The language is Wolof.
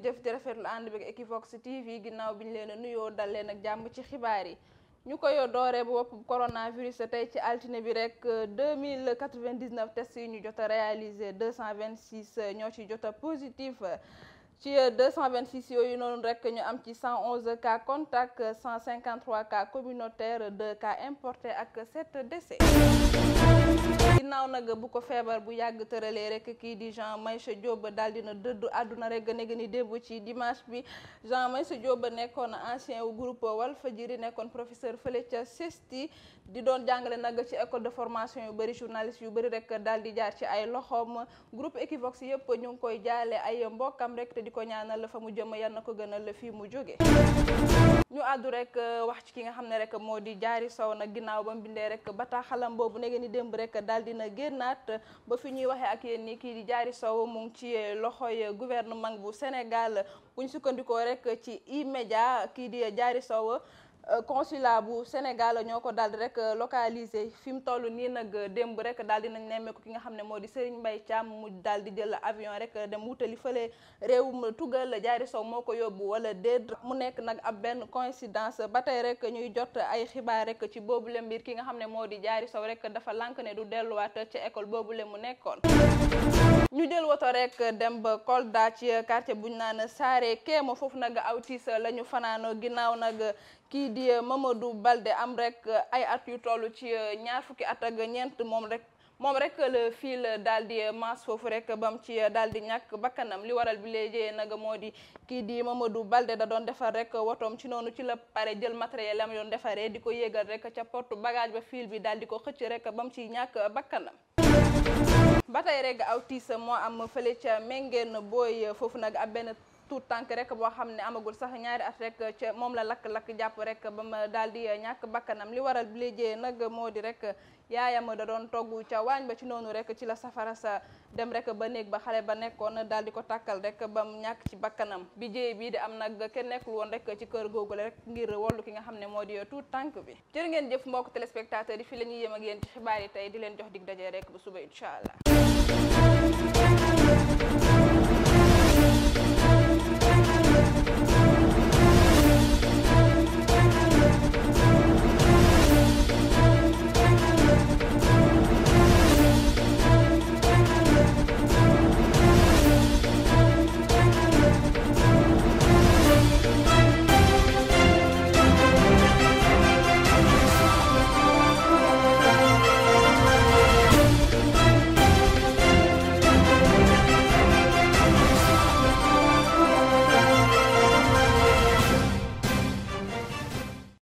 ngeen jëf rafet lu ànd bi ak Equivox TV ginnaaw bi ñu leen a nuyoo dal leen ak jàmm ci xibaar yi ñu koy dooree bu wopp coronavirus tey ci altine bi rek 2099 euh, tests yi ñu jot a réalisé 226 euh, ñoo ci jot a positif ci 226 euh, yooyu noonu rek ñu am ci 111 cas contact 153 cas communautaire de cas importés ak 7 décès. ginnaaw nag bu ko feebar bu yàgg tëralee rek kii di Jean Meïssa Diop daal dina dëddu àdduna rek néegi ni démb ci dimanche bi Jean Meïssa Diop nekkoon ancien wu groupe Walfadjri nekkoon professeur fële ca CESTI di doon jàngale nag ci école de formation yu bëri journaliste yu bëri rek daal di jaar ci ay loxoom groupe Equivox yëpp ñu ngi koy jaale ay mbokkam rek. di ko ñaanal fa mu jëm yal na ko gënal fii mu jóge ñu àddu rek euh, wax ci ki nga xam ne rek moo di jaari Sow nag ginnaaw ba mu bindee rek bataaxalam boobu ne ngeen di démb rek daal dina génnaat ba fi ñuy waxee ak yéen kii di jaari Sow mu ngi ci euh, loxoy gouvernement bu Sénégal bu ñu sukkandikoo rek ci E-Media kii di Diary Sow Euh, consulat bu Sénégal ñoo ko daal di rek euh, localisé fi mu toll nii nag euh, démb rek daal di nañ nemmeeku ki nga xam ne moo di Serigne Mbaye Thiam mu daal di jël avion rek dem wutali fële réewum tugal jaari sow moo ko yóbbu wala déet mu nekk nag ab benn coïncidence ba tey rek ñuy jot ay xibaar rek ci boobu le mbir ki nga xam ne moo di jaari sow rek dafa lànk ne du delluwaat ci école boobu le mu nekkoon dooree rek dem ba Kolda ci quartier bu ñu naan Saare Kéema foofu nag aw tiis la ñu fanaanoo ginnaaw nag kii di du Balde am rek ay at yu toll ci ñaar fukki at ak ñeent moom rek moom rek la fiil daal di maas foofu rek bam ci daal di ñàkk bakkanam li waral bi léegi nag moo di kii di du Balde da doon defar rek wotoom ci noonu ci la pare jël matériel am doon defaree di ko yéegal rek ca porte bagage ba fiil bi daal di ko xëcc rek bam ci ñàkk bakkanam ba tey rek aw tiis moo am fële ca na booy foofu nag ab benn tuut tànk rek boo xam ne amagul sax ñaari at rek moom la lakk-lakk jàpp rek ba ma daal di ñàkk bakkanam li waral bi léejee nag moo di rek yaayam da doon togg ca waañ ba ci noonu rek ci la safara sa dem rek ba néeg ba xale ba nekkoon daal di ko tàkkal rek ba ñàkk ci bakkanam bi jéey bii di am nag kenn nekkul woon rek ci kër googule rek ngir wollu ki nga xam ne moo di tuut tànk bi jërë ngeen jëf mbokk téléspectateurs yi fi la ñuy yëm ak yéen ci xibaar yi tey di leen jox dig dajee rek bu suba incha allah